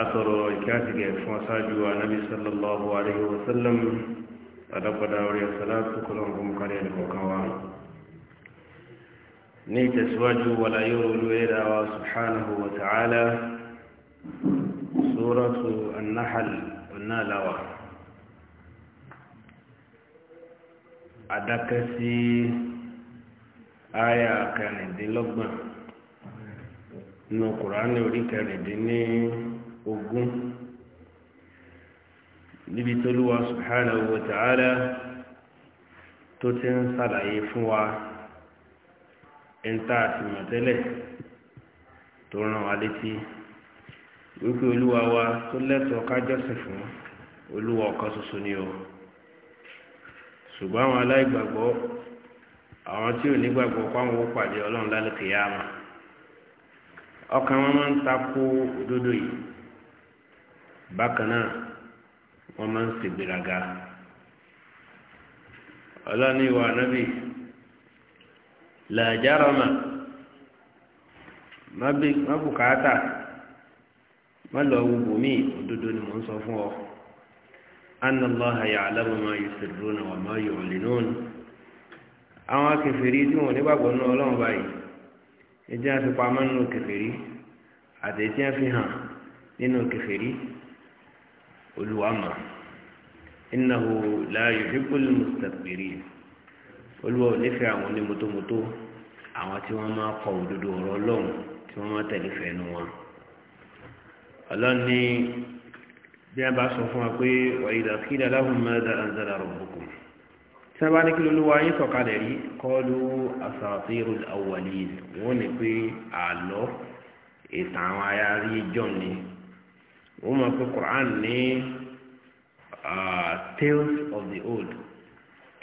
asọ̀rọ̀ ìkíájìgẹ̀ fún aṣáájú anábí sallallahu alaihi wasallam àdápadà orí asalatu kọlọ̀kún kárí ẹnìkọ̀ọ̀kan wa ní ìtẹ̀síwájú wàlá yóò olúwẹ́dà wa subhanahu wa ta'ala suratu annahal onalawa adakasi aya kẹrìndínlọ́gbọ̀n nínú kùránì orí kẹrìndínlọ́gbọ̀n ogun níbi tó lúwa subhanahu wa ta'ala tó ti ń sàlàyé fún wa ẹ̀ńtà àti mọ̀tẹ́lẹ̀ tó ràn wá wa tó lẹ́tọ̀ọ́ ká fún olúwa ọ̀kan ṣoṣo ni o ṣùgbọ́n àwọn aláìgbàgbọ́ àwọn tí ò nígbàgbọ́ fáwọn ó pàdé ọlọ́run lálùkìyàmà ọkàn wọn máa ń òdodo yìí bákan náà wọ́n máa ń ṣègbéraga ọlọ́ni ìwà ànábì làjárọ̀mà má bùkátà má lọ wùbù mí òdodo ni mò ń sọ fún ọ anna allaha ya'lamu ma yusirruna wa ma yu'linun àwọn akẹfẹ̀rí tí wọ́n nígbàgbọ́ náà ọlọ́run báyìí ẹjẹ́ àfipamọ́ nínú kẹfẹ̀rí àtẹ̀jẹ́ fi hàn nínú kẹfẹ̀rí olùwàmà innahu la yuhibbul mustakbirin olùwà ò nífẹ̀ẹ́ àwọn onímọ́tómọ́tó àwọn tí wọ́n máa kọ òdodo ọ̀rọ̀ ọlọ́run tí wọ́n máa tẹ̀lé fẹ́nu wọn ọlọ́ni bí a bá sọ fún wa pé wa idha qila lahum madha anzala rabbukum tí a bá ní kí lóluwà yín sọ̀kalẹ̀ rí qalu asatirul awwalin wọ́n ní pé àlọ́ ìtàn àwọn ayárí jọ̀ ni wọ́n máa pe Quran ní tales of the old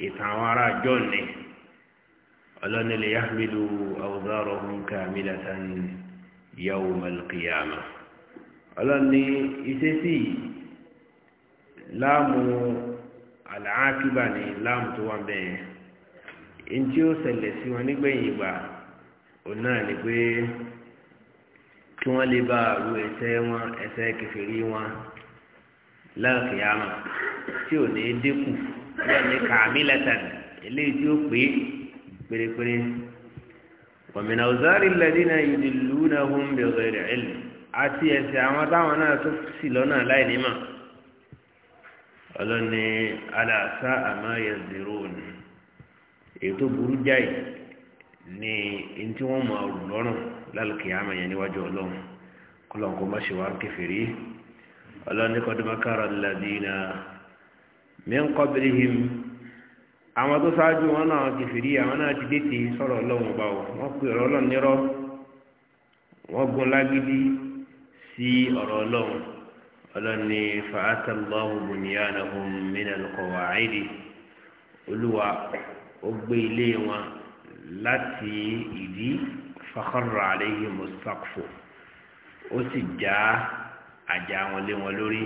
ìtàn àwọn ará john ni ọlọ́ni lè yahmilu awzarahum kamilatan yawmal qiyamah ọlọ́ni ìṣesí láàmú àlàákìbà ní láàmú tó wà bẹ́ẹ̀ ẹni tí ó ṣẹlẹ̀ sí wọn nígbẹ̀yìn ìgbà òun náà ni pé kí wọ́n lè bá àrùn ẹsẹ̀ wọn ẹsẹ̀ kẹfìrí wọn lálùkìyàmà tí ò ní dínkù wọ́n ní kàmílẹ̀tàn eléyìí tí ó pé pérépéré wàmìnà ọ̀zárì lẹ́dínà ìdìlú náà hún bẹ̀rẹ̀ rẹ̀ ẹ̀lì àti ẹsẹ̀ àwọn táwọn náà tó sì lọ́nà láì nímọ̀ ọlọ́ni aláṣà àmọ́ yẹ zèrò ni èyí tó burú jáì ní ntí wọ́n máa rù lọ́rùn lálùkìyàmọ̀ yẹn níwájú ọlọ́run kọlọ́n kó má ṣe wá kèfèrí ọlọ́run ní kọ́dúnmá kára ladina min qablihim àwọn tó ṣáájú wọn náà kèfèrí àwọn náà ti dé ti sọ̀rọ̀ ọlọ́run ọba o wọ́n pe ọ̀rọ̀ ọlọ́run nírọ́ wọ́n gun lágídí sí ọ̀rọ̀ ọlọ́run ọlọ́run ní fa'atallahu bunyanahum min alqawa'idi olúwa ó gbé ilé wọn láti ìdí fakharra alayhim mustaqfu ó sì já àjà wọn lé wọn lórí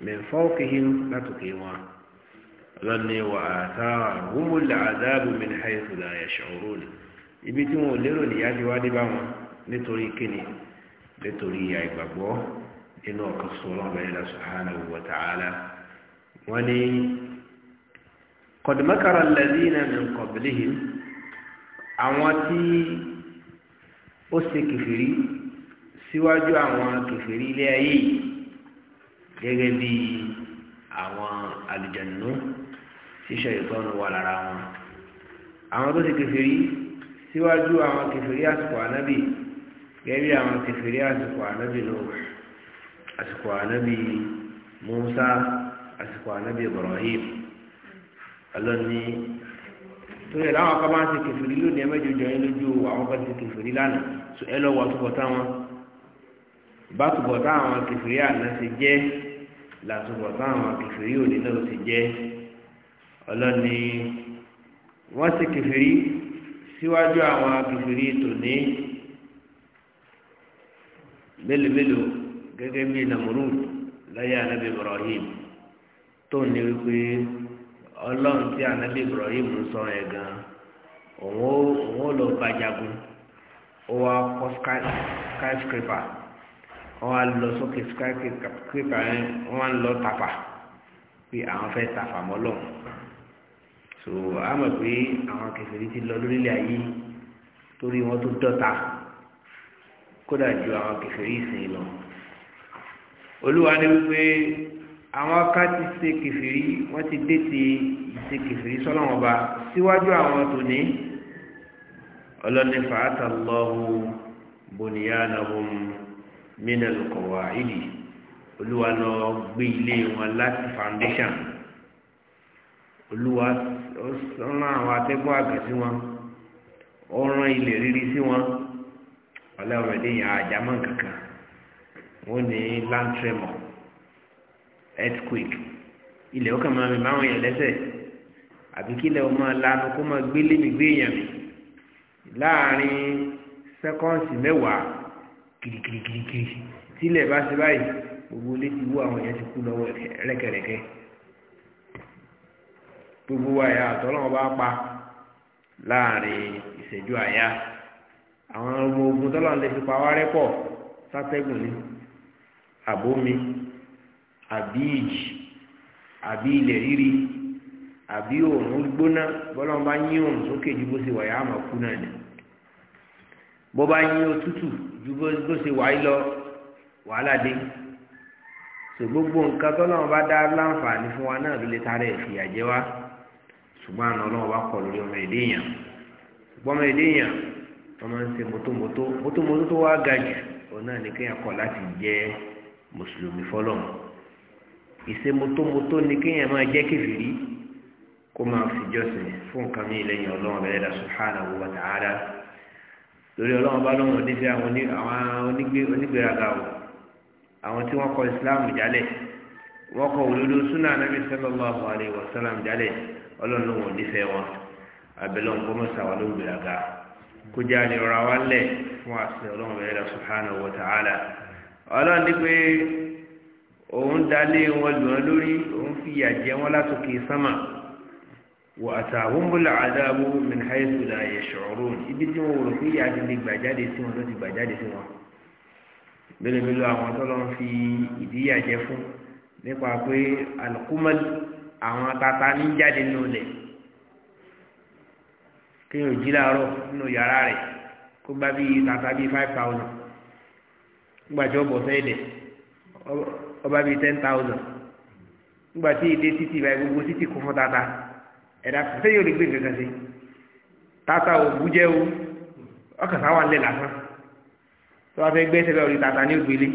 min fawqihim látòkè wọn lọ́ni wà atahumul azabu min haythu la yash'urun ibi tí wọn ò lérò nìyá ti wá dé bá wọn nítorí kíni nítorí àìgbàgbọ́ nínú ọ̀kan sọ̀rọ̀ ọ̀bẹ̀rẹ̀ subhanahu wa ta'ala wọ́n ní qad makara alladhina min qablihim àwọn tí ó ṣe kẹfìrí síwájú àwọn kẹfìrí ilé ayé yìí gẹ́gẹ́ bí àwọn àlùjànnú ṣíṣe ìtọ́nu wà lára wọn àwọn tó ṣe kẹfìrí síwájú àwọn kẹfìrí àsìkò ànábì gẹ́gẹ́ bí àwọn kẹfìrí àsìkò ànábì Nuh àsìkò ànábì Musa àsìkò ànábì Ibrahim ọlọ́ni torí ẹ̀ láwọn kan bá ń ṣe kẹfìrí lónìí ẹ̀mẹ́jọjọ yín lójú àwọn kan ṣe kẹfìrí lánàá so ẹ lọ́wọ́ àtúbọ̀tá wọn bá túbọ̀tá àwọn kẹfìrí àná ṣe jẹ́ làtúbọ̀tá àwọn kẹfìrí òní náà ṣe jẹ́ ọlọ́ni wọ́n ṣe kẹfìrí síwájú àwọn kẹfìrí tòní mélòó gẹ́gẹ́ bí Namurud láyé anábì Ibrahim tó ní wípé ọlọ́run tí anabi ibrahim sọ yẹn gan òun ó lọ bàjágun ó wá sky skyscraper ó wá lọ sókè skyscraper yẹn ó wá ń lọ tàfà pé àwọn fẹ́ tàfà mọ́ lọ́hùn so a mọ̀ pé àwọn kèfèrí ti lọ lórílẹ̀ ayé torí wọn tó dọ́ta kódà ju àwọn kèfèrí ìsìn lọ olúwa ni wípé àwọn kan ti ṣe kẹfìrí wọ́n ti dé ti ṣe kẹfìrí sọ́nà ọba síwájú àwọn tòní ọlọ́ni fàátà lọ́hùn bunyanahum minal qawaidi olúwa lọ gbé ilé wọn láti foundation olúwa ọ̀nà àwọn atẹ́gbọ́ àgbẹ̀ sí wọn ọ̀ràn ilẹ̀ rírí sí wọn ọlọ́run ẹ̀dẹ́yìn àjàmọ́ kankan wọ́n ní land tremor earthquake ilẹ̀ ó kàn máa mi báwọn yẹn lẹ́sẹ̀ àbí kí ilẹ̀ ó máa lanu kó máa gbé lémi gbé èèyàn mi láàrin sẹ́kọ́ǹsì mẹ́wàá kirikirikirikiri tílẹ̀ bá ṣe báyìí gbogbo ilé ti wú àwọn èèyàn ti kú lọ́wọ́ rẹ́kẹ̀rẹ́kẹ́ gbogbo àyà àtọ́lọ́wọ́ bá pa láàrin ìṣẹ́jú àyà àwọn ọmọ ogun tọ́lọ́ lè fi pa wá rẹ́pọ̀ sátẹ́gùn ni àbómi àbí ìjì àbí ilẹ̀ rírí àbí òòrùn gbóná bọ́lá wọn bá yín òòrùn sókè ju bó ṣe wà yá àmọ́ kú náà ni bó bá yín òtútù ju bó ṣe wà yí lọ wàhálà dé sọ gbogbo nǹkan tọ́lá wọn bá dá láǹfààní fún wa náà ló lè tara ẹ̀ fìyà jẹ wá ṣùgbọ́n àná ọlọ́run bá kọ lórí ọmọ èdè yẹn ṣùgbọ́n ọmọ èdè yẹn wọ́n máa ń ṣe mọ́tòmọ́tò mọ́tòmọ́tò tó wá ga òun náà ní kéèyàn kọ̀ láti jẹ́ mùsùlùmí fọlọ́mù Ise ni kéèyàn máa jẹ́ kẹfìrí kó máa fìjọsìn fún nǹkan mi lẹ́yìn ọlọ́run ọ̀bẹ̀rẹ̀ dà subhanahu wa ta'ala lórí ọlọ́run bá lọ́wọ́ níbi àwọn onígbéraga o àwọn tí wọ́n kọ islam jálẹ̀ wọ́n kọ òdodo súnà anábì sallallahu alaihi wa sallam jálẹ̀ ọlọ́run ló nífẹ̀ẹ́ wọn abẹ́lẹ́ ọ̀nkọ́ mọ́sàwá ló ọ̀rọ̀ lẹ̀ fún àṣẹ ọlọ́run ọlọ́run òun dalé wọn lù wọn lórí òun fi ìyà jẹ wọn látòkè sánmà wọ àtàwọmọlá àdáàbò mìnhàìsùlà ẹṣọrọ ibi tí wọn rò pé ìyà ti lè gbàjáde sí wọn ló ti gbàjáde sí wọn mélòmélò àwọn tọ́lọ́ ń fi ìdíyà jẹ fún nípa pé alukumal àwọn atata ní jáde nínú lẹ̀ kéèyàn jí láàárọ̀ nínú yàrá rẹ̀ kó bá bíi tata bíi five thousand gbàjọ́ bọ̀ sẹ́yìn dẹ̀ ọba bi ten thousand nígbà tí èdè títì báyìí gbogbo títì kún fún tata ẹ̀dá fẹ́ yóò lè gbé nǹkan kan sí tata ò bújẹ́ o ọkàn sáwà ńlẹ̀ lásán tó wàá fẹ́ gbé ẹsẹ̀ orí tata ní ògbélé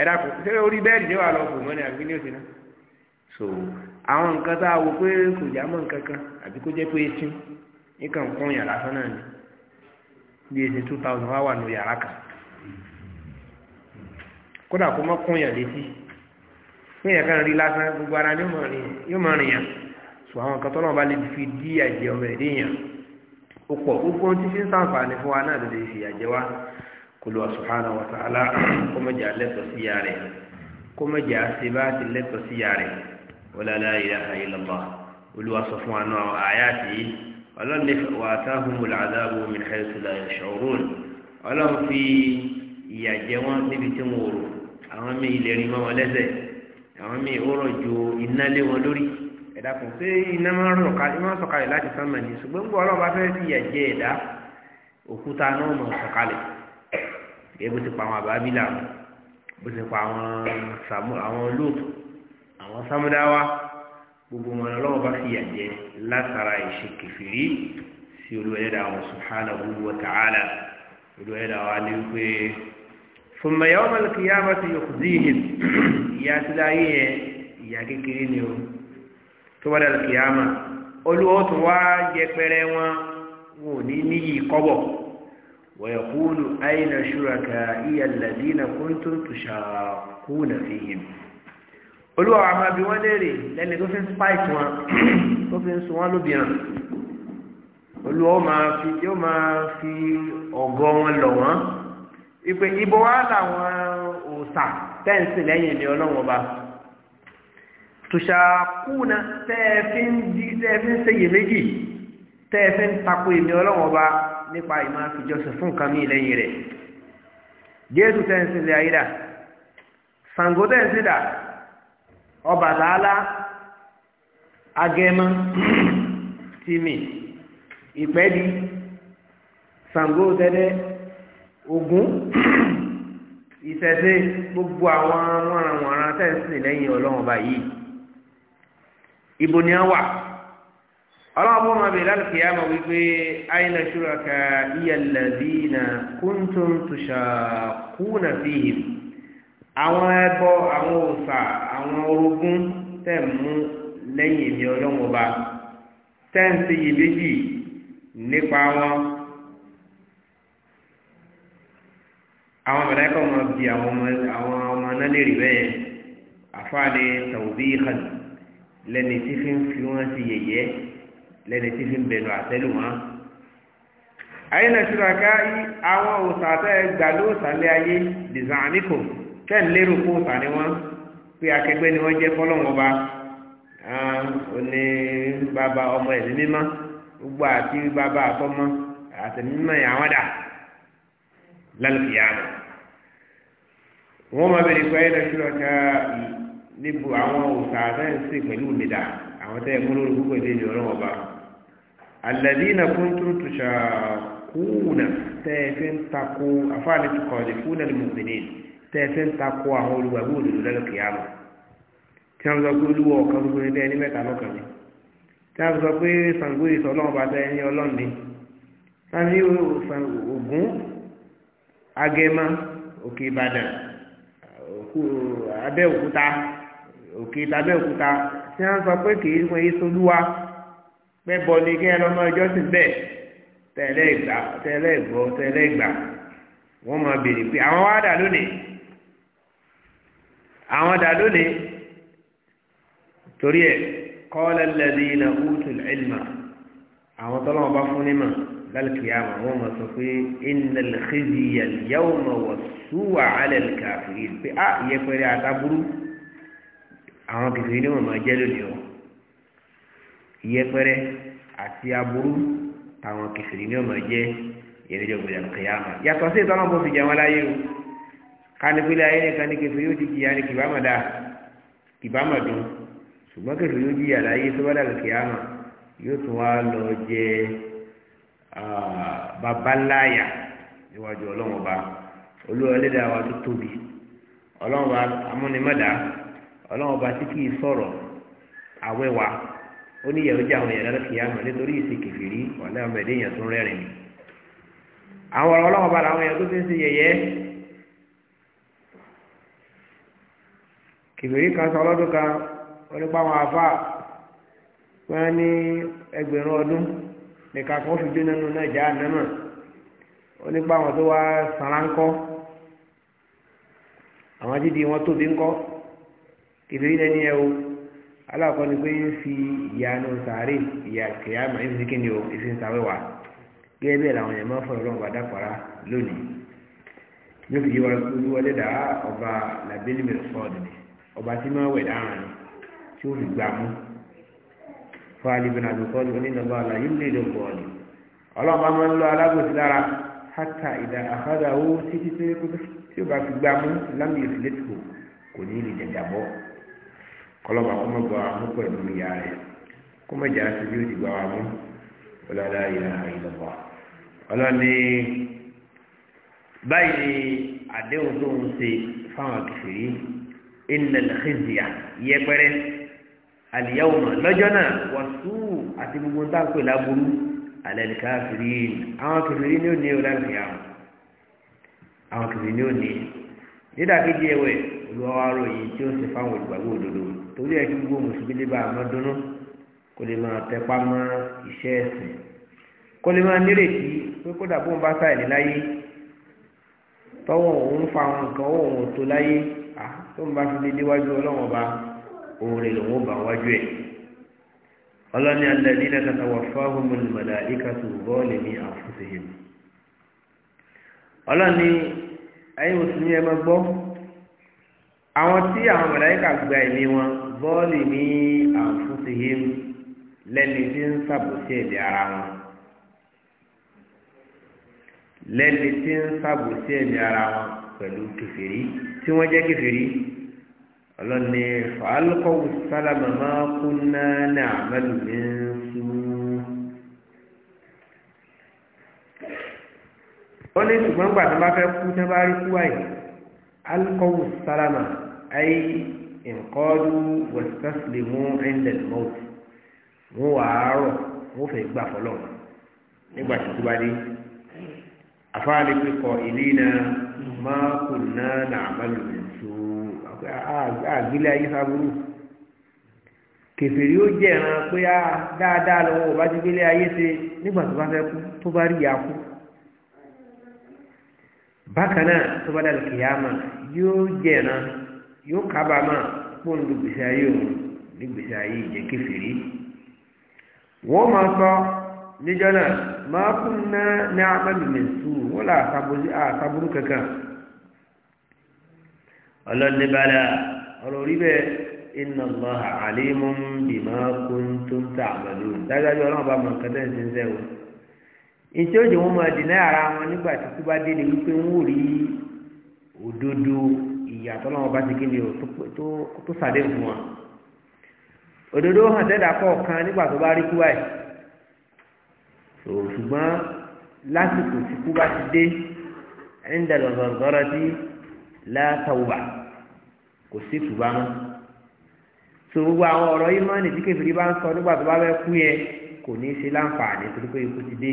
ẹ̀dá kò ṣé orí bẹ́ẹ̀lì ṣé wàá lọ fò mọ́ni àbí ní òsínà so àwọn nǹkan tá a wò pé kò já mọ́ nǹkan kan àbí kó jẹ́ pé etí nǹkan kún yàrá sán ni bí èsì two thousand wá wà nù yàrá kan kódà kó mọ́ kún yàn létí fún yàn kan rí lásán gbogbo ara ni yóò mọ̀ rìn yàn sọ àwọn kan tọ́lọ́wọ́n bá lè fi dí àjẹ ọmọ ẹ̀dẹ́ yàn ó pọ̀ gbogbo ohun tí fi ń sàǹfààní fún wa náà lè fi àjẹ wa kó lọ́wọ́ subhanahu wa ta'ala kó mọ̀jà lẹ́tọ̀ sí ya rẹ̀ kó mọ̀jà ṣe ti lẹ́tọ̀ sí ya rẹ̀ wala la ilaha illallah olúwa sọ fún wa náà àyàtì ọlọ́run ọlọ́run fi ìyà wọn níbi tí wọn rò àwọn míì ilẹ̀ rí mọ́ wọn lẹ́sẹ̀ àwọn míì ó rọ̀ ju iná lé wọn lórí ẹ̀dá kan pé iná máa ń sọ̀kalẹ̀ láti sánmà ní ṣùgbọ́n gbọ́ ọlọ́ba fẹ́ẹ́ ti yà jẹ ẹ̀dá òkúta náà mọ̀ sọ̀kalẹ̀ gẹ́gẹ́ bó ti pa àwọn àbábílà bó ti pa àwọn olóòtú àwọn sámúdáwá gbogbo wọn lọ́wọ́ fi yà jẹ látara ìṣe kẹfìrí sí olú àwọn subhanahu wa ta'ala olú ẹ̀dá wa wípé. ثم يوم القيامة يخزيهم ìyà tí láyé yẹn ìyà kékeré ni o tó wá dá kíyámà Olúwa tún wá yẹpẹrẹ wọn wọn ò ní níyì kọ́bọ̀ ويقول أين شركائي الذين كنتم تشاقون فيهم Olúwa àwọn àbí wọn léèrè lẹ́ni tó fi ń spite wọn tó fi ń sun wọn lóbìnrin Olúwa ó máa fi ọgọ́ wọn lọ̀ wọ́n ìpè ibo wa làwọn òòsà tẹ́ǹsì lẹ́yìn ilé ọlọ́run ọba tùṣàkúna tẹ́ẹ̀fí ń di tẹ́ẹ̀fí ń ṣeyè méjì tẹ́ẹ̀fí ń tako èmi ọlọ́run ọba nípa ìmọ̀ àfijọ́sìn fún nǹkan mi lẹ́yìn rẹ̀ jésù tẹ́ǹsì lè ayé dà Ṣàngó tẹ́ǹsì dà Ọbàtálá agẹmọ tìmì ìpẹ́ẹ́dì Ṣàngó tẹ́lẹ̀. Ògún ìṣẹ̀ṣe gbogbo àwọn wọ̀nranwọ̀nran tẹ̀sí lẹ́yìn ọlọ́run ọba yìí ibo ni a wà ọlọ́run bọ́ máa bè lálùkì yá máa wípé ayna shuraka iyalladhina kuntum tushakuna fihim àwọn ẹbọ àwọn òòṣà àwọn orogún tẹ̀ mú lẹ́yìn èmi ọlọ́run ọba tẹ́ǹsì yìí méjì nípa wọn. àwọn mẹlẹkọ máa bi àwọn ọmọ àwọn ọmọ náà lè rí bẹ́ẹ̀ àfáàní tàwùbí ìkànnì lẹni tí fi ń fi wọn sí yẹ̀yẹ́ lẹni tí fi ń bẹnu àtẹlù wọn. àyìnà ṣùràká àwọn òṣàtẹ gbàlú òṣàlẹ ayé dìzàmíkò kẹ́ń lérò kó òṣà ni wọn pé akẹgbẹ́ ni wọ́n jẹ́ fọlọ́wọn ọba oní bàbá ọmọ ẹ̀mí mímọ́ gbogbo àti bàbá àtọmọ àtẹ̀mí mímọ́ yẹn àwọn dà lálùfíà náà wọ́n máa bẹ̀rẹ̀ pé ẹ̀rọ ṣúra ká níbo àwọn òòsà àtẹ́ǹsì pẹ̀lú nìdá àwọn tẹ́ ẹ̀kọ́ lórí púpọ̀ ìdílé ọlọ́wọ́ bá alẹ́dínà fún tuntun ṣàkóònà tẹ́ ẹ fi ń takò afáàlì tó kọ̀ọ̀dì fún ẹni mùsùlùmí tẹ́ ẹ fi ń takò àwọn olùgbàgbọ́ òdòdó lẹ́lọ́kì yàrá tí wọ́n sọ pé olúwa ọ̀kan gbogbo ẹni ẹni mẹ́ta lọ́kàn ni tí wọ́n sọ pé Ṣàngó ìsọ̀ ọlọ́run bá tẹ ẹni ọlọ́run ni sani Ògún Agẹmọ Òkè Ìbàdàn abẹ́òkúta òkè tàbẹ́òkúta tí wọ́n sọ pé kì í wọ́n yé solúwa pẹ́bọ ni kí ẹ lọ́mọ ẹjọ́ sì bẹ́ẹ̀ tẹ̀lé ìgbà tẹ̀lé ìgbọ́ tẹ̀lé ìgbà wọ́n máa béèrè pé àwọn wá dà lónìí àwọn dà lónìí torí ẹ̀ qala alladhina utul ilma àwọn tọ́lọ́wọ́n bá fún ní mà lálùkìyàmà wọ́n máa sọ pé innal khizya al yawma wọ́sùn súwà alẹ́ kàfìrí pé á ah, ìyẹpẹrẹ àtàbúrú àwọn kẹfìrí ni wọn máa jẹ lónìí o ìyẹpẹrẹ àti aburú táwọn kẹfìrí ni wọn máa jẹ ìrẹjọ gbọdọ kẹyàmà yàtọ̀ sí ìtọ́nà bó fi jẹ wọn láyé o kánípínlẹ̀ ayé nìkan ní kẹfìrí ó ti jìyà ní kìbámà dáa kìbámà dùn ṣùgbọ́n kẹfìrí ó jìyà láyé tó bá dàgbà kẹyàmà yóò tún wá lọ jẹ babaláyà níwájú ọlọ́wọ́n olúwa ẹlẹ́dàá wa tó tóbi ọlọ́run wa amúnimọ́dá ọlọ́run wa tí kì í sọ̀rọ̀ ó ní ìyàwó jẹ́ àwọn èèyàn lọ́dọ̀ kìí ya nítorí ìsì kìfìrí ọ̀lẹ́ ọmọ ẹ̀dẹ́ èèyàn tó rẹ́rìn ni àwọn ọ̀rọ̀ ọlọ́run wa làwọn èèyàn tó ti ń kan sọ ọlọ́dún kan àwọn adídi wọn tóbi ńkọ́ kìfìrí lẹ́ni ẹ o aláàkọ́ ni pé ń fi ìyanu sàárè ìyà kìyàmà ń fi kíni o ìfi ń sàwé wà gẹ́gẹ́ bẹ́ẹ̀ làwọn èèyàn máa ń fọ̀rọ̀ lọ́wọ́ bàdá pàrà lónìí ní fi yíwa wọlé dá ọba làbẹ́lì mẹ́rin fọ́ọ̀dù ni ọba tí máa wẹ̀ dáhùn ni tí ó fi gbà mú fọ́ọ̀lì bẹ̀rẹ̀ àbíkọ́lù onínàbọ̀ àlàyé lè lè bọ̀ọ̀lù ń lọ alábòsí lára hata ìdá àfádà owó títí tó yẹ kó tí ó bá fi gbá mú lámì ìfìlétò kò ní lè dẹ̀dà bọ́ kọlọ́ba kó mọ̀ gbọ́ àmú pẹ̀lú ìyá rẹ̀ kó mọ̀ jà sí bí ó ti gbà wá mú ọlọ́dà ìlà ìlọ́bà ọlọ́ni báyìí ni àdéhùn tó ń ṣe fáwọn kìfìrí ìnà lẹ́xìzìyà yẹpẹrẹ àlìyáwó náà lọ́jọ́ náà wọ́n sùn àti gbogbo ń láburú alẹ́ káfírí àwọn kìfìrí ni ó ní ọ̀la ní àwọn àwọn kìfìrí ni ó ní nídàkejì ẹ̀wẹ̀ olùwàwà ròyìn tí ó ń ṣe fáwọn olùgbàgbọ́ òdodo torí ẹ̀ kí gbogbo mùsùlùmí lè a àmọ́ dúnú kó lè máa tẹpá mọ́ iṣẹ́ ẹ̀sìn kó lè máa nírètí pé kódà bóun bá sáì níláyé tọ́wọ́ òun fa àwọn nǹkan òun tó láyé tó ń bá fi lé déwájú ọlọ́wọ́n ọba òun rè lòun ó bá wájú ẹ̀ ọlọ́ni alẹ́dínlẹ́ tàtàwà fáwọn olùmọ̀lá ìkàtù bọ́ọ̀lì ní àfúnṣehìn ọlọ́ni ayé mùsùlùmí ẹ máa gbọ́ àwọn tí àwọn mọ̀láyíkà gba ẹ̀mí wọn bọ́ọ̀lì ní àfúnṣehìn lẹ́ni tí ń ṣàbòsí ẹ̀dẹ̀ ara wọn lẹ́ni tí ń ṣàbòsí ẹ̀dẹ̀ ara wọn pẹ̀lú kẹfìrí tí wọ́n jẹ́ kẹfìrí ọlọ́ni fàálùkọ́wù sálámà máa kún náà ní àmàlù ní ṣú. ó ní ṣùgbọ́n gbà tó bá fẹ́ kú tó bá rí kú àyè alukọ́wù sálámà ayé ìǹkọ́dù wẹ̀sítẹ́sìlì mú ẹ̀ńdẹ̀lì mọ́ọ̀tì mú wàárọ̀ mú fẹ́ gbà fọlọ́ nígbà tó kú bá dé afáàlì pípọ̀ ìlú iná máa kún náà ní àmàlù ní ṣú àgbélé ayé sábúrú kèfèrí ó jẹ́ ẹ̀ràn pé á dáadáa lọ́wọ́ bá ti gbélé ayé ṣe nígbà tó bá fẹ́ kú tó bá rí ìyá kú bákan náà tó bá dàlù kìyàmà yóò jẹ́ ẹ̀ràn yóò kábàámọ̀ pọ̀ ní gbèsè ayé òun ní gbèsè ayé ìjẹ́ kèfèrí wọ́n máa sọ níjọ́ náà máa kún náà ní amẹ́lùmẹ̀sù wọ́n là àtàbúrú kankan ọlọ́ni bala ọ̀rọ̀ orí bẹ́ẹ̀ inna Allaha alimun bima kuntum ta'malun dájájú ọlọ́run bá mọ nǹkan tẹ́ ń sin sẹ́ o ìtí ó jẹ́ wọn máa dì náà ara wọn nígbà tí kú bá dé ni wípé wọn ò rí òdodo ìyàtọ̀ lọ́wọ́ bá ti kí ni o tó sàdé fún wa òdodo hàn sẹ́dá kọ̀ọ̀kan nígbà tó bá rí kú báyìí ṣùgbọ́n lásìkò tí kú bá ti dé ẹ̀ńdà lọ́sọ̀rọ̀sọ̀rọ̀ sí látàwùbà kò sí ìtùbá mọ́ so gbogbo àwọn ọ̀rọ̀ yìí máa ń nìdí kébìrì bá ń sọ nígbà tó bá fẹ́ kú yẹn kò ní í ṣe láǹfààní torí pé ikú ti dé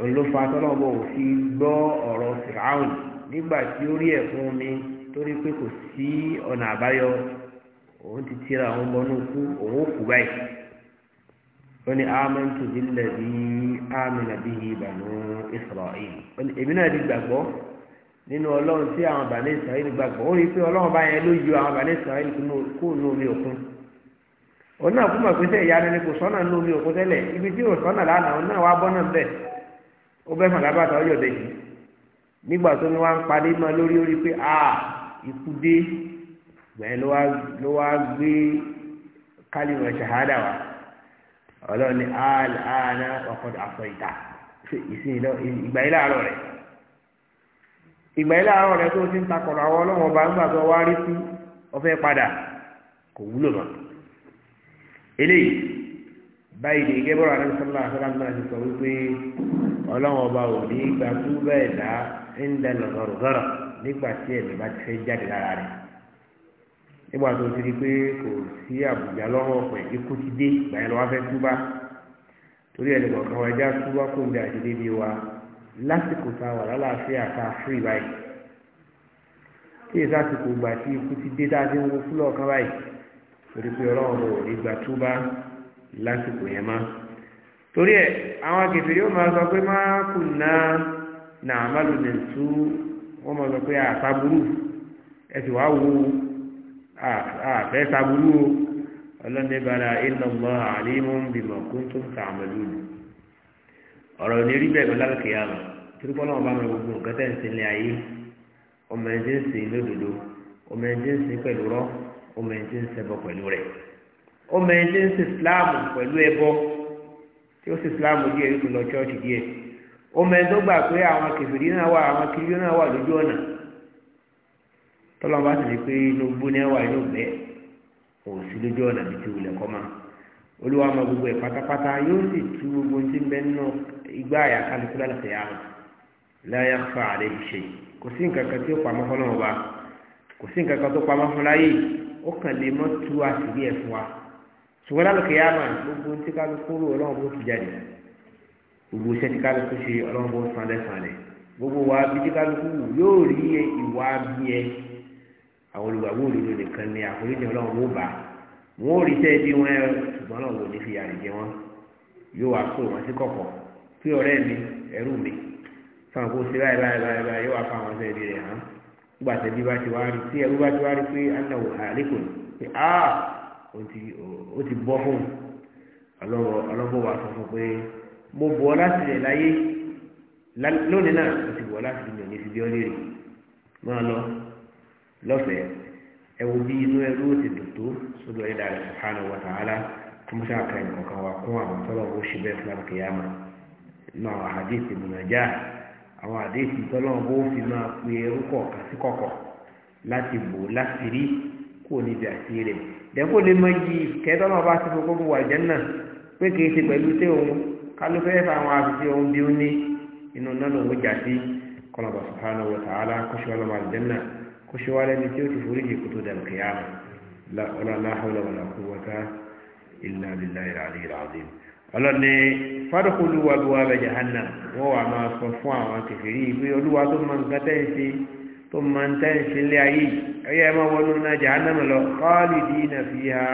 olùlọ́fà tọ́lọ́bọ̀ ò fi gbọ́ ọ̀rọ̀ fìràwùn nígbà tí ó rí ẹ̀fún mi torí pé kò sí ọ̀nà àbáyọ òun ti tira òun bọnú kú òun ò kú báyìí wọ́n ní amẹ́ntù bíi amẹ́nà bíi bànú Isra'il wọ́n èmi náà ti gbàgbọ́ nínú ọlọ́run tí àwọn bàbá Ísírẹ́lì gbàgbọ́ ó rí i pé ọlọ́run bá yẹn ló yọ àwọn bàbá Ísírẹ́lì kó nù omi òkun òun náà kú mọ̀ pé sẹ́ ìyá ni kò sọ́nà nù omi òkun tẹ́lẹ̀ ibi tí ò sọ́nà lánàá òun náà wá bọ́ náà bẹ́ẹ̀ ó bẹ́ẹ̀ fàlà bàtà ọyọ̀ dẹ̀ yìí nígbà tó ní wá ń padé mọ́ lórí orí pé a ikú dé gbẹ̀yìn ló wá gbé kálíwọ̀ ṣàhádà wa ọlọ́run ni àlàáná ọkọ̀ ìgbà yìí láàárọ̀ rẹ tó ti ń takọ̀rọ̀ àwọn ọlọ́wọ́n ọba ńgbà tó wá rí sí ọfẹ́ padà kò wúlò mọ́ eléyìí báyìí lè gẹ́gẹ́ bọ́lá àdàbí sọ́lá àṣọlá ńlá ti sọ wípé ọlọ́wọ́n ọba ò ní gba tú bẹ́ẹ̀ dá ń dẹ lọ́gọ́rọ̀gọ́rọ̀ nígbà tí ẹ̀mí bá ti fẹ́ jáde lára rẹ̀ nígbà tó ti di pé kò sí àbùjá lọ́rọ̀ ọ̀pẹ̀ ikú ti dé ìgbà yẹn lọ́wọ́ fẹ́ túbá torí ẹ̀ lásìkò tá a wà lálàáfíà tá a fún ìgbà yìí tí èsì àsìkò ìgbà tí ikú ti dé tá a ti ń wo fúlọ̀ kan báyìí torí pé ọlọ́run ò ní gbà tó bá lásìkò yẹn má torí ẹ àwọn akẹfẹ́ yóò máa sọ pé má kù ná nà má lò ní tú wọ́n máa sọ pé àtàbúrú ẹ sì wá wo àfẹ́ sàbúrú ọlọ́ni bala inna Allah alimun bima kuntum ta'malun ọ̀rọ̀ ò ní rí bẹ́ẹ̀ lọ́la kìí àmà torí kọ́ náà bá mi gbogbo nǹkan tẹ̀ ń sin ilé ayé ọmọ ẹni tí ń sin lódodo ọmọ ẹni tí ń sin pẹ̀lú rọ́ ọmọ ẹni tí ń ṣẹbọ pẹ̀lú rẹ̀ ọmọ ẹni ń sin Islam pẹ̀lú ẹbọ tí ó sin Islam díẹ̀ yóò lọ chọ́ọ̀chì díẹ̀ ọmọ ẹni tó gbà pé àwọn kẹfìrí náà wà àwọn kiri náà wà lójú ọ̀nà tọ́lọ́mọba sì ní pé inú gbóná wà inú gbẹ́ òsì lójú ọ̀nà bíi ti wulẹ̀ kọ́ máa olúwa ọmọ gbogbo ẹ̀ pátápátá sì igbá àyà kálukú lálẹ́ yàrá láyà fà àlẹ́ ìṣe kò sí nǹkan kan tí ó pamọ́ fún ọlọ́run wa kò sí nǹkan kan tó pamọ́ fún láyé ó kàn lè mọ́ tú àṣírí ẹ̀ fún wa ṣùgbọ́n lálẹ́ yàrá gbogbo tí kálukú rò ọlọ́run bó ti jáde gbogbo iṣẹ́ tí kálukú ṣe ọlọ́run bó san lẹ́sàn rẹ̀ gbogbo wa bí tí kálukú wù yóò rí ìwà bí ẹ àwọn olùgbàgbọ́ òdodo nìkan ni àforíjì ọlọ́run ó bá wọn ò rí sẹ́ẹ̀dí wọn ṣùgbọ́n ọlọ́run ò ní fi àrèjẹ wọn yóò wá sóò wọn sí kọ̀kọ̀ pé ọ̀rẹ́ mi ẹ̀rù mi fáwọn kó ṣe báyìí báyìí báyìí báyìí yóò wá fáwọn ọ̀sẹ̀ ibi rẹ̀ hàn nígbà tẹ̀bí bá ti wá rí tí ẹ̀rú bá ti wá rí pé anáwó àlékò ni pé a ah! ó ti bọ́ fún ọlọ́wọ́ wa sọ fún pé mo bọ̀ láti rẹ̀ láyé lónìí náà mo ti bọ̀ láti rẹ̀ ní ìfibí ọ́lẹ́ rẹ̀ máa lọ lọ́fẹ̀ẹ́ ẹ wo bí inú ẹrú ti dùn tó sódò ẹ̀dá rẹ̀ subhanahu wa ta'ala kọ́mọ́sá kan ìkọ̀kan wa kún àwọn tọ́lọ̀ ó ṣe bẹ́ẹ̀ fún àbùkẹ́yàmọ́ nù àwọn àdéhìí ìmùnàjà àwọn àdéhìí tọ́lọ́wọ́n bó fi máa pe ẹrú kọ̀ọ̀kan sí kọ̀kọ̀ láti bò láti rí kó níbi àti rẹ̀ dẹ́kun lè mọ iyì kẹ́tọ́nà bá ti fọkọ́ bu wàjẹ́ náà pé kì í ṣe pẹ̀lú tẹ́ òun kálọ́ fẹ́ fà àwọn àfihàn ohun bí ó ní inú náà lòun jà sí kọlọ́bà subhanahu wa ta'ala kóṣe wà lọ́mọ àlùjẹ́nà kóṣe wà lẹ́ni tí ó ọlọ́ni fádọ́kọ̀lù wà lù wà bẹ jahanna wọ́n wà máa sọ fún àwọn kẹfìrí ìwé olúwa tó máa ń gata ẹ̀ ṣe tó máa ń tẹ́ ẹ̀ ṣe lé ayé ẹ̀yẹ́ ẹ̀ máa wọnú náà jahanna mọ̀ lọ khalidina fiha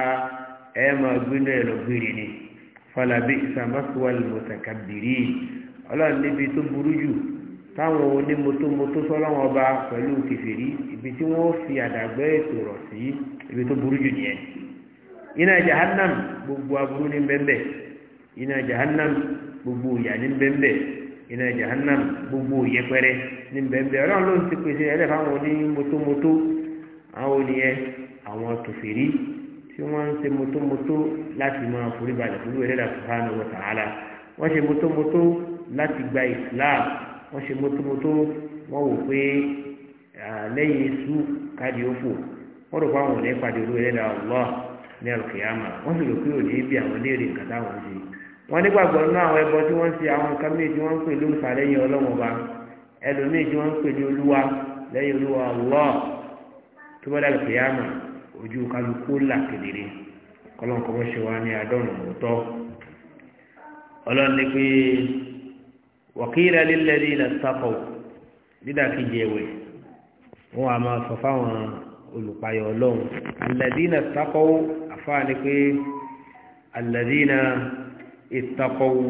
ẹ̀ máa gbé náà lọ gbére ni falabi sàmásùwàl mùtàkàbìrì ọlọ́ni níbi tó burú jù táwọn onímọ́tómọ́tó sọ́lọ́wọ́n ọba pẹ̀lú kẹfìrí ibi tí wọ́n fi àdàgbẹ́ ètò sí ibi tó burú jù nìyẹn iná jahannam gbogbo aburú ní bẹ́ẹ̀ ina jahannam gbogbo ìyà ní bẹ́ńbẹ́ iná jahannam gbogbo ìyẹpẹrẹ n'i bẹ́ńbẹ́ ọlọ́run ló ń ti pèsè ẹlẹ́fà àwọn oní mọ́tòmọ́tò àwọn oníyẹ àwọn tòfèrí tí wọ́n ń ṣe mọ́tòmọ́tò láti máa forí balẹ̀ fúlú ẹlẹ́dà subhanahu ṣe láti gba islam wọ́n ṣe mọ́tòmọ́tò wọ́n wò pé lẹ́yìn isu káàdì òfò wọ́n rò ò ní olú ní sì rò pé bí àwọn léèrè nǹkan táwọn ṣe wọ́n nígbàgbọ́ nínú àwọn ẹbọ tí wọ́n ń ṣe àwọn nǹkan míì tí wọ́n ń pè ní òòṣà lẹ́yìn ọlọ́wọ́n ọba ẹlòmíì tí wọ́n ń pè ní olúwa lẹ́yìn olúwa Allah tó bá dàgbà pé àmà ojú kálukú là kedere kọ́lọ́n kọ́ bọ́ ṣe ní adọ́nà òótọ́ ọlọ́run ní pé wàkìrà lílẹ̀ ní ilẹ̀ sákọ̀ dídàkejì ẹ̀wẹ̀ wọn a máa sọ fáwọn olùpayọ̀ ọlọ́run alẹ́dínà sákọ̀ àfáà ní pé alẹ́dínà ìtakọ̀wù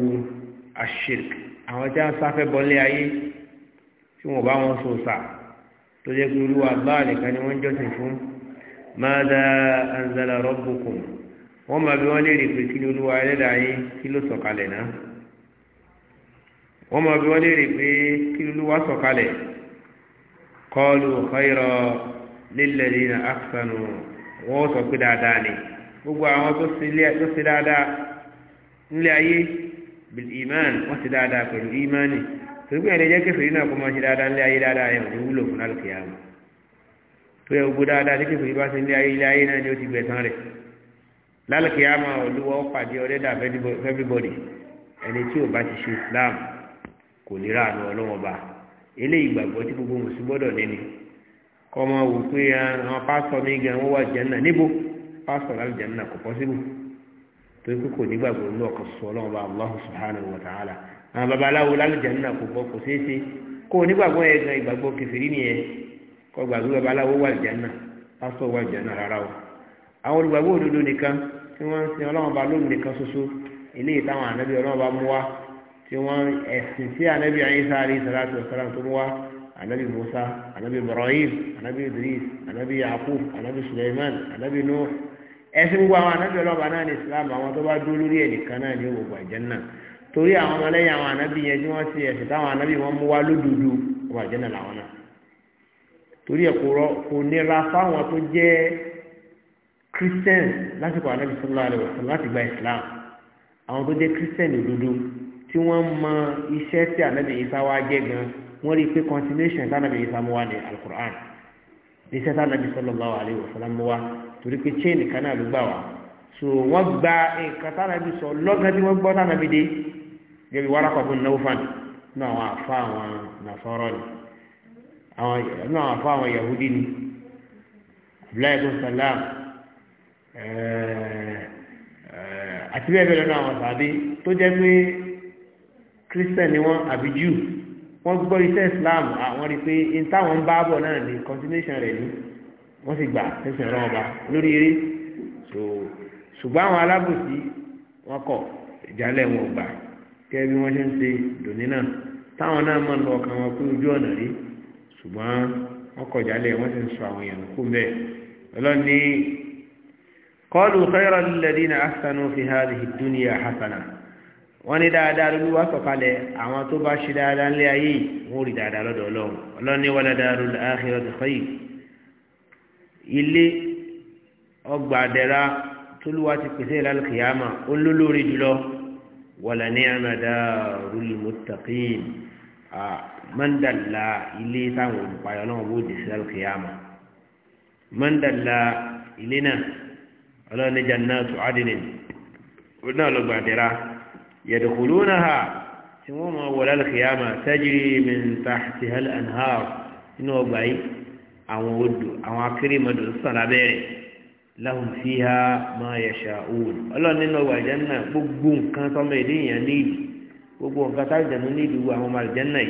àṣìk àwọn tí wọ́n sáfẹ́ bọ́lé ayé tí wọ́n bá wọn sòsà tó jẹ́ pé olúwa báà nìkan ni wọ́n jọ́sìn fún mada anzala rabbukum wọ́n máa bí wọ́n léèrè pé kí ni olúwa ẹlẹ́dàá yín kí ló sọ̀kalẹ̀ náà wọ́n máa bí wọ́n léèrè pé kí ló wá sọ̀kalẹ̀ kọlu khayra lilladhina ahsanu wọ́n sọ pé dáadáa ni gbogbo àwọn tó ṣe dáadáa nílé ayé bil iman wọ́n ti dáadáa pẹ̀lú imani torí pé ẹ̀rẹ́ jẹ́ kèfèrí náà kó máa ṣe dáadáa nílé ayé dáadáa yẹn òní wúlò fún alùkìyàmù tó yẹ gbogbo dáadáa tí kèfèrí bá ṣe nílé ayé ilé ayé náà ni ó ti gbẹ̀san rẹ̀ lálùkìyàmù olúwa ó pàdé ọ̀rẹ́dà fẹ́bíbọ̀dì ẹni tí ò bá ti ṣe Islam kò ní ra àánú ọlọ́wọ́ bá eléyìí gbàgbọ́ tí gbogbo mùsùlùmí gbọ́dọ̀ níní kọ́ máa wò pé ah, àwọn pásítọ̀ mi gan wọ́n wà Jánnà níbo pásítọ̀ lálùjánnà torí pé kò nígbàgbọ́ ní ọkàn sọ ọlọ́run bá allah subhanahu wa ta'ala àwọn babaláwo lálùjáde náà kò gbọ́ kò ṣeé ṣe kò nígbàgbọ́ yẹn gan ìgbàgbọ́ kẹfìrí nìyẹn kò gbàgbé babaláwo wà lùjáde náà pásítọ̀ wà lùjáde náà rárá o àwọn olùgbàgbọ́ òdodo nìkan tí wọ́n ń sin ọlọ́run bá lóhùn nìkan ṣoṣo ilé ìtàwọn ànábì ọlọ́run bá mú wá tí wọ́n ẹ̀sìn sí ànábì ayíṣà alayhi ẹsìn gbogbo àwọn anábì ọlọ́ba náà ní islam àwọn tó bá dúró lórí ẹnìkan náà ní gbogbo àjẹ́nà torí àwọn ọmọlẹ́yìn àwọn anábì yẹn tí wọ́n ti ẹ̀sìn táwọn anábì wọn mú wá lódodo ọba àjẹ́nà làwọn náà torí ẹ̀ kò nira fáwọn tó jẹ́ christian lásìkò anábì sallallahu alaihi wasallam láti gba islam àwọn tó jẹ́ christian òdodo tí wọ́n mọ iṣẹ́ tí anábì Ìsá wá jẹ́ gan wọ́n rí i pé continuation tí anábì Ìsá mú wá ní alukur'an iṣẹ́ tá nàbí sallallahu alaihi wasallam wa torí pé chain kan náà ló gbà wá so wọ́n gba nǹkan tá nàbí sọ lọ́gán tí wọ́n gbọ́ tá nàbí dé gẹ́gẹ́ bí Waraka bun Nawfal náà àwọn àfa àwọn nàfọ́rọ́ ni àwọn àfa àwọn Yahudi ni Abdullahi bin Salam eh, eh, àti bẹ́ẹ̀ bẹ́ẹ̀ lọ́nà àwọn sàbí tó jẹ́ pé Christian ni wọ́n àbí Jew wọ́n gbọ́ iṣẹ́ islam àwọn rí pé n táwọn ń bá bọ̀ náà ní continuation rẹ̀ ní wọ́n sì gbà ẹsẹ̀ rán ọba lórí eré ṣùgbọ́n àwọn alábòsí wọn kọ̀ ìjálẹ̀ wọn gbà kẹ́ bí wọ́n ṣe ń ṣe dòní náà táwọn náà máa lọ ọkàn wọn pé ojú ọ̀nà rí ṣùgbọ́n wọn kọ̀ ìjálẹ̀ wọ́n sì ń sọ àwọn èèyàn kú bẹ́ẹ̀ ọlọ́ni qalu khayra lilladhina wọ́n ní dáadáa lórí wá sọ̀kalẹ̀ àwọn tó bá ṣe dáadáa ńlẹ̀ ayé wọn ò rí dáadáa lọ́dọ̀ ọlọ́run ọlọ́run ní wọ́n dáadáa lórí àhírọ̀ tó fẹ́ yìí ilé ọgbà àdẹ́ra tóluwa ti pèsè lálùkìyàmà olólórí jùlọ wàlà ní àmàdá rúlì mọ́tàkìn mọ́ndàlá ilé táwọn olùpayọ̀ náà wò dé sí mọ́ndàlá ilé náà ọlọ́run ní jannatu adinin ó náà lọ́gbà àdẹ́ra. يدخلونها سموما ولا الخيامة تجري من تحتها الأنهار إنه باي أو ود أو أكرم الصلابير لهم فيها ما يشاءون الله نينو وجنة بقوم كان صمدين ينيد بقوم كتاج نيد وهم الجنة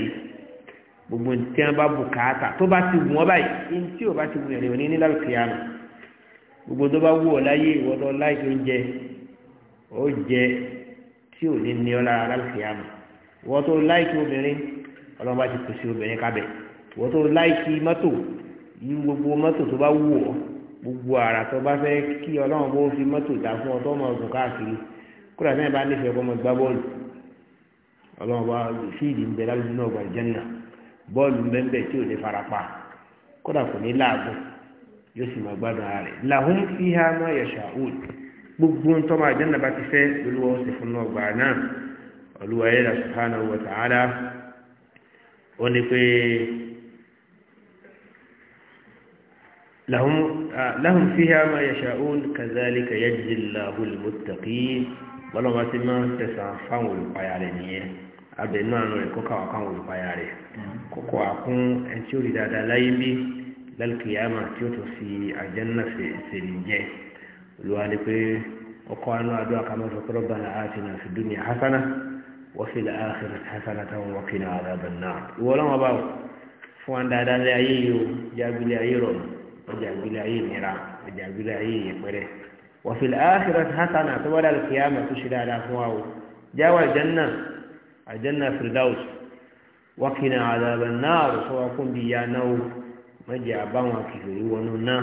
gbogbo tí wọn bá bùkátà tó bá ti wù wọn báyìí ní tí o bá ti wù yẹn lè wọn ní nílá kìámù gbogbo tó bá wù ọ láyé ìwọdọ láì tó ń jẹ ó jẹ tí ò ní ní ọ lára lálùfíàmù wọ́n tó láìkí obìnrin ọlọ́run bá ti pèsè obìnrin kábẹ̀ wọ́n tó láìkí mọ́tò yí gbogbo mọ́tò tó bá wù ọ́ gbogbo ara tó bá fẹ́ kí ọlọ́run bó fi mọ́tò dà fún ọ tó mọ̀ ọ̀gùn káàkiri kúrò sẹ́yìn bá nífẹ̀ẹ́ kọ́ mọ́ gbá bọ́ọ̀lù ọlọ́run bá fíìdì ń bẹ lálùfíà náà gbà jẹ́nà bọ́ọ̀lù bẹ́ẹ̀ tí ò ní farapa kódà kò ní láàbù yóò sì mọ̀ gbádùn ara rẹ̀ làhùn fíhá yẹ̀ṣà òòlù gbogbo ń tọ́mọ àjẹ́nà bá ti fẹ́ lóluwọ́ ó sì fún ọgbà náà olúwa ẹ̀dà subhanahu wa ta'ala ó ní pé lahum fiha ma yasha'un kadhalika yajzi Allahu al-muttaqin bọ́lọ́wọ́ ti máa ń tẹ̀sán fáwọn olùpayà rẹ̀ nìyẹn abẹnú àánú rẹ̀ kọ́kọ́ àwọn fáwọn olùpayà rẹ̀ kọ́kọ́ àkún ẹni tí ó rí dáadáa láyé bí lálùkìyàmà tí ó tún fi àjẹ́nà fèrè jẹ́ olùwà ni pé ọkọ àánú àdúrà kan sọ pé rọ́bà náà àti náà fi dúnìá hasana wọ́n fi lè àkìrì hasana táwọn wọ́n kì náà àdàbàn náà ìwọ lọ́wọ́ bá fún wa dáadáa lé ayé yìí o jágbélé ayé rọ̀ ọjà gbélé ayé nira ọjà gbélé ayé yẹpẹrẹ wọ́n fi lè àkìrì hasana tó wọ́n dà lè kíyàmà tó ṣe dáadáa fún wa o firdaus wọ́n kì náà àdàbàn náà sọ wá fún bí ya náà o mẹ́jẹ̀ àbáwọn kìfèrè wọnú náà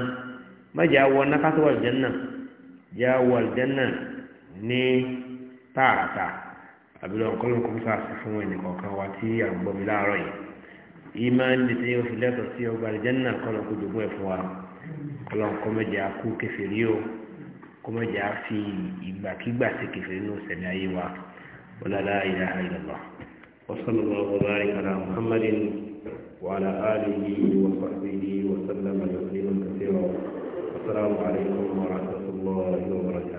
yá wọ àlùjẹ́nà ní tààràtà àbílọ̀ ọ̀kọ́lọ́ kò fà sí fún ẹnì kọ̀ọ̀kan wa tí à ń gbọ́mi láàárọ̀ yìí yìí máa ń dìtẹ́ yóò fi lẹ́tọ̀ sí ọgbà àlùjẹ́nà kọ́lọ́ kó jogún ẹ̀ fún wa kọ́lọ́ kọ́mẹ́jẹ́ akú kẹfẹ́rí o kọ́mẹ́jẹ́ á fi ìgbàkigbà sí kẹfẹ́rí ní òsèlú ayé wa wala la ilaha illallah wa sallallahu wa baraka ala muhammadin وعلى آله وصحبه وسلم تسليما كثيرا والسلام عليكم ورحمة الله Gracias.